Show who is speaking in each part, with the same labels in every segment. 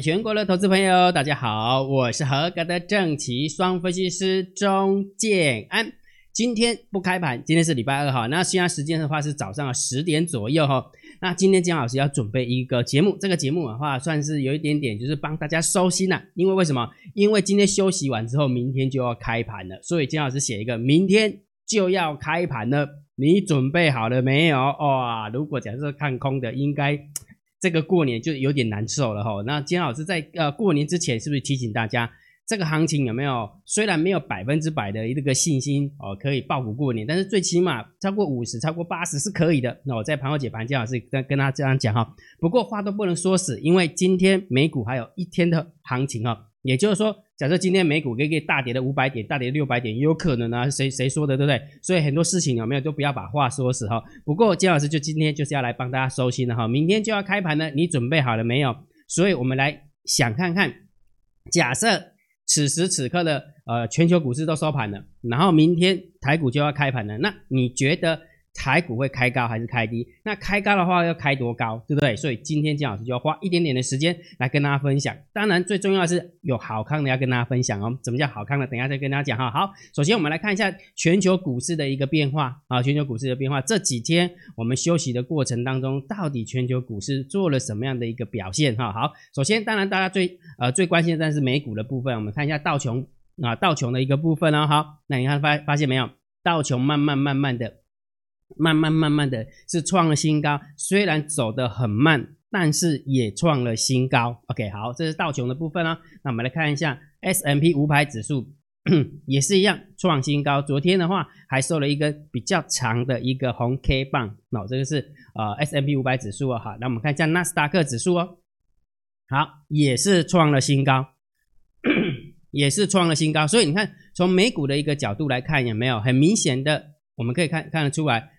Speaker 1: 全國的投資朋友，大家好，我是合格的正奇雙分析師鍾建安。今天不開盤，今天是禮拜二哈。那現在時間的話是早上十點左右哈。那今天江老師要準備一個節目，這個節目的話算是有一點點就是幫大家收心了啊，因為為什麼？因為今天休息完之後，明天就要開盤了，所以江老師寫一個，明天就要開盤了，你準備好了沒有哇？如果假設看空的，應該。這個過年就有點難受了哈、哦。那金老師在呃過年之前是不是提醒大家，這個行情有沒有？雖然沒有百分之百的一個信心哦，可以抱股過年，但是最起碼超過五十、超過八十是可以的。那、哦、我在盤後解盤，金老師跟跟他這樣講哈、哦。不過話都不能說死，因為今天美股還有一天的行情哈、哦，也就是說。假設今天美股可以，可以大跌了五百點，大跌六百點有可能呢、啊？誰誰說的，對不對？所以很多事情啊，沒有都不要把話說死哈。不過金老師就今天就是要來幫大家收心了哈，明天就要開盤了，你準備好了沒有？所以我們來想看看，假設此時此刻的呃全球股市都收盤了，然後明天台股就要開盤了，那你覺得？台股會開高還是開低？那開高的話要開多高，對不對？所以今天鍾老師就要花一點點的時間來跟大家分享。當然最重要的是有好康的要跟大家分享哦。怎麼叫好康呢？等一下再跟大家講哈。好，首先我們來看一下全球股市的一個變化啊，全球股市的變化。這幾天我們休息的過程當中，到底全球股市做了什麼樣的一個表現哈、啊？好，首先當然大家最呃最關心的是美股的部分，我們看一下道瓊啊道瓊的一個部分哦。好，那你看發發現沒有？道瓊慢慢慢慢的。慢慢慢慢的是創了新高，雖然走得很慢，但是也創了新高。OK，好，這是道瓊的部分哦，那我們來看一下 S&P 五百指數，也是一樣創新高。昨天的話還收了一根比較長的一個紅 K 棒。那、哦、這個是呃 S&P 五百指數哦，好，那我們看一下納斯達克指數哦，好，也是創了新高，也是創了新高。所以你看，從美股的一個角度來看，有沒有很明顯的？我們可以看看得出來。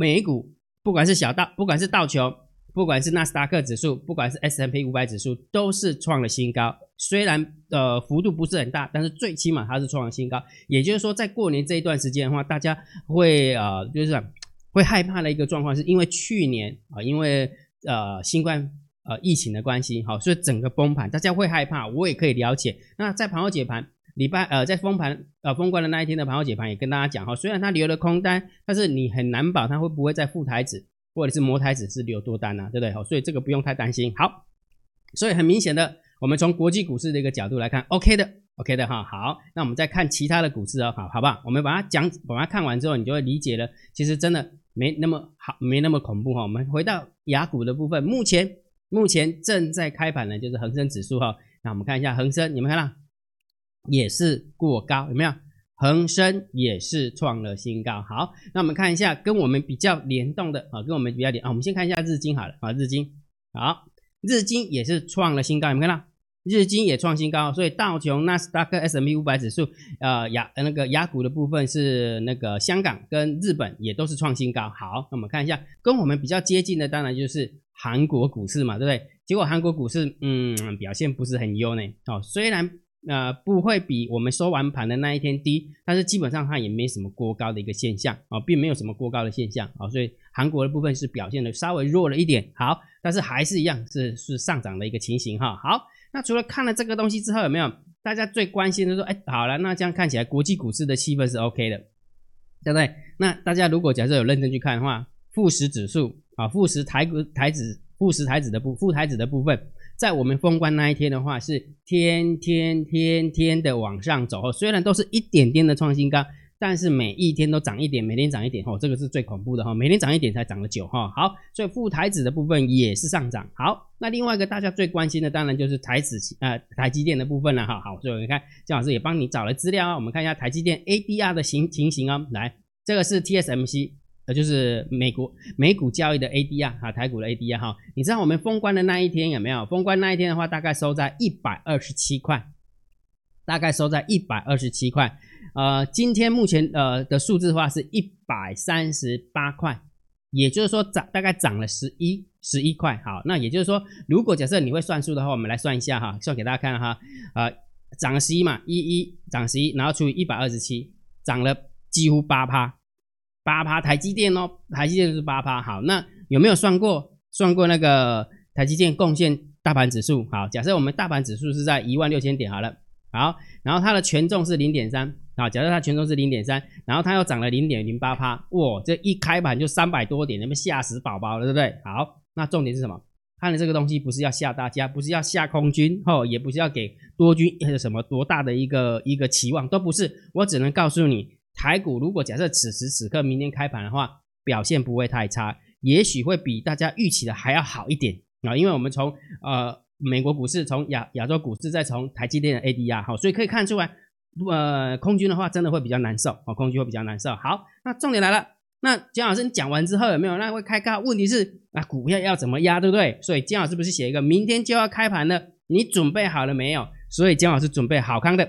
Speaker 1: 美股不管是小道，不管是道瓊，不管是納斯達克指數，不管是 S&P 五百指數，都是創了新高。雖然呃幅度不是很大，但是最起碼它是創了新高。也就是說，在過年這一段時間的話，大家會呃就是會害怕的一個狀況，是因為去年啊、呃，因為呃新冠呃疫情的關係，好，所以整個崩盤，大家會害怕。我也可以了解。那在盤後解盤。禮拜呃，在封盤呃封關的那一天的盤後解盤也跟大家講哈，雖然他留了空單，但是你很難保他會不會在富台指，或者是摩台指，是留多單呢、啊，對不對？哈、哦，所以這個不用太擔心。好，所以很明顯的，我們從國際股市的一個角度來看，OK 的，OK 的哈。好，那我們再看其他的股市啊、哦，好好不好？我們把它講，把它看完之後，你就會理解了。其實真的沒那麼好，沒那麼恐怖哈、哦。我們回到雅股的部分，目前目前正在開盤的，就是恆生指數哈、哦。那我們看一下恆生，你們看到？也是過高有沒有？恆生也是創了新高。好，那我們看一下跟我們比較聯動的啊，跟我們比較聯啊，我們先看一下日經好了啊，日經好，日經也是創了新高，有沒有看到？日經也創新高，所以道瓊、納斯達克、S&P 五百指數啊、呃，亞那個亞股的部分是那個香港跟日本也都是創新高。好，那我們看一下跟我們比較接近的，當然就是韓國股市嘛，對不對？結果韓國股市嗯表現不是很優呢。好、哦，雖然。那、呃、不會比我們收完盤的那一天低，但是基本上它也沒什麼過高的一個現象啊、哦，並沒有什麼過高的現象啊、哦，所以韓國的部分是表現的稍微弱了一點，好，但是還是一樣是是上漲的一個情形哈、哦。好，那除了看了這個東西之後，有沒有大家最關心的說，哎，好了，那這樣看起來國際股市的氣氛是 OK 的，對不對？那大家如果假設有認真去看的話，富時指數啊，富、哦、時台股台指，富時台指的部富台指的部分。在我們封關那一天的話，是天天天天的往上走哦，雖然都是一點點的創新高，但是每一天都漲一點，每天漲一點哦，這個是最恐怖的哈，每天漲一點才漲了九哈，好，所以富台指的部分也是上漲，好，那另外一個大家最關心的當然就是台指，啊、呃，台積電的部分了、啊、哈，好，所以你看鍾老師也幫你找了資料啊，我們看一下台積電 ADR 的形情形啊，來，這個是 TSMC。就是美股美股交易的 ADR 啊，哈，台股的 ADR 啊，哈，你知道我們封關的那一天有沒有？封關那一天的話，大概收在一百二十七塊，大概收在一百二十七塊。呃，今天目前呃的數字的話是一百三十八塊，也就是說漲大概漲了十一十一塊。好，那也就是說，如果假設你會算數的話，我們來算一下哈，算給大家看哈。呃，漲了十一嘛，一一漲十一，然後除以一百二十七，漲了幾乎八趴。八趴台積電哦，台積電是八趴。好，那有沒有算過？算過那個台積電貢獻大盤指數？好，假設我們大盤指數是在一萬六千點好了。好，然後它的權重是零點三啊。假設它權重是零點三，然後它又漲了零點零八趴。哇，這一開盤就三百多點，能不能嚇死寶寶了，對不對？好，那重點是什麼？看了這個東西不是要嚇大家，不是要嚇空軍吼，也不是要給多軍還有什麼多大的一個一個期望，都不是。我只能告訴你。台股如果假設此時此刻明天開盤的話，表現不會太差，也許會比大家預期的還要好一點啊、哦，因為我們從呃美國股市，從亞亞洲股市，再從台積電的 ADR，好、哦，所以可以看出來、呃，空軍的話真的會比較難受啊、哦，空軍會比較難受。好，那重點來了，那姜老師你講完之後有沒有那會開高？問題是啊，股票要怎麼壓，對不對？所以姜老師不是寫一個明天就要開盤的，你準備好了沒有？所以姜老師準備好康的，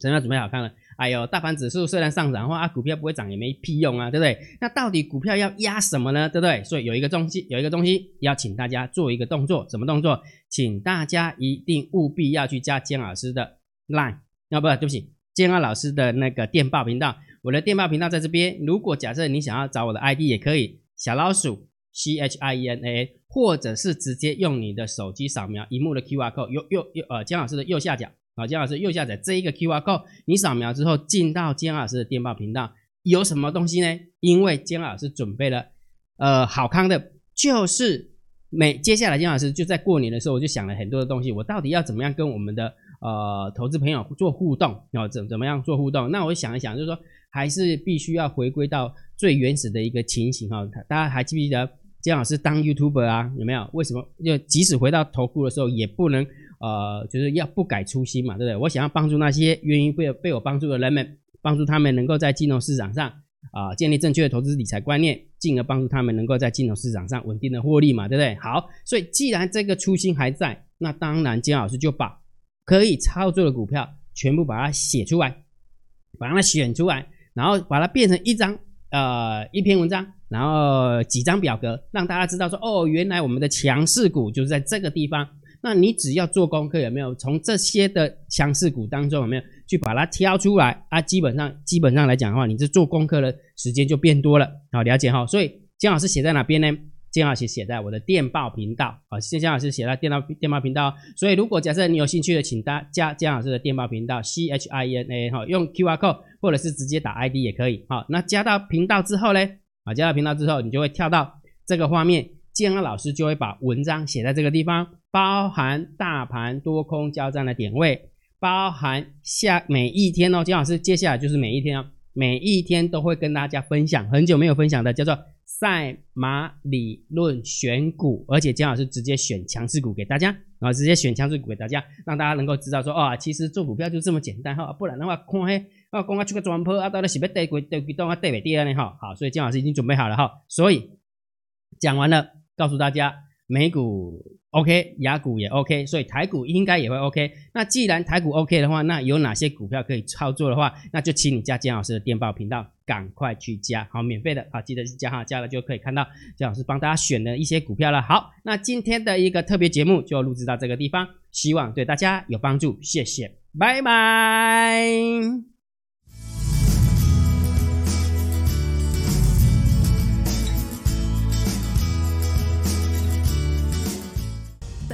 Speaker 1: 真的準備好康了。哎呦，大盤指數雖然上漲的話、啊，股票不會漲也沒屁用啊，對不對？那到底股票要壓什麼呢？對不對？所以有一個東西，有一個東西要請大家做一個動作，什麼動作？請大家一定務必要去加建老師的 line，啊，no, 不，對不起，建老師的那個電報頻道，我的電報頻道在這邊。如果假設你想要找我的 ID 也可以，小老鼠 c h i e n a，或者是直接用你的手機掃描熒幕的 QR code，右右右，呃，建老師的右下角。啊，金老師右下角這一個 QR code，你掃描之後進到金老師的電報頻道，有什麼東西呢？因為金老師準備了，呃，好康的，就是每接下來金老師就在過年的時候，我就想了很多的東西，我到底要怎麼樣跟我們的呃投資朋友做互動？然後怎怎麼樣做互動？那我想一想，就是說還是必須要回歸到最原始的一個情形哈，大家還記不記得？姜老師當 YouTuber 啊，有沒有？為什麼？就即使回到投顧的時候，也不能，呃，就是要不改初心嘛，對不對？我想要幫助那些願意被被我幫助的人們，幫助他們能夠在金融市場上啊、呃，建立正確的投資理財觀念，進而幫助他們能夠在金融市場上穩定的獲利嘛，對不對？好，所以既然這個初心還在，那當然姜老師就把可以操作的股票全部把它寫出來，把它選出來，然後把它變成一張呃一篇文章。然後幾張表格讓大家知道說，說哦，原來我們的強勢股就是在這個地方。那你只要做功課，有沒有從這些的強勢股當中有沒有去把它挑出來啊？基本上基本上來講的話，你這做功課的時間就變多了，好、啊、了解哈。所以姜老師寫在哪邊呢？姜老師寫在我的電報頻道，好、啊，姜老師寫在電報電報頻道。所以如果假設你有興趣的請，請大家加姜老師的電報頻道 C H I N A 哈、啊，用 Q R code 或者是直接打 I D 也可以，好、啊，那加到頻道之後呢？啊，加到頻道之後，你就會跳到這個畫面。建安老師就會把文章寫在這個地方，包含大盤多空交戰的點位，包含下每一天哦。建安老師接下來就是每一天，哦，每一天都會跟大家分享。很久沒有分享的，叫做賽馬理論選股，而且建安老師直接選強勢股給大家，啊，直接選強勢股給大家，讓大家能夠知道說，哦，其實做股票就這麼簡單哈，不然的話，空黑。哦、啊，啊，到底是哈，好，所以建安老師已經準備好了哈。所以講完了，告訴大家，美股 OK，亞股也 OK，所以台股應該也會 OK。那既然台股 OK 的話，那有哪些股票可以操作的話，那就請你加建安老師的電報頻道，趕快去加，好，免費的，好、啊，記得去加哈，加了就可以看到建安老師幫大家選的一些股票了。好，那今天的一個特別節目就錄製到這個地方，希望對大家有幫助，謝謝，拜拜。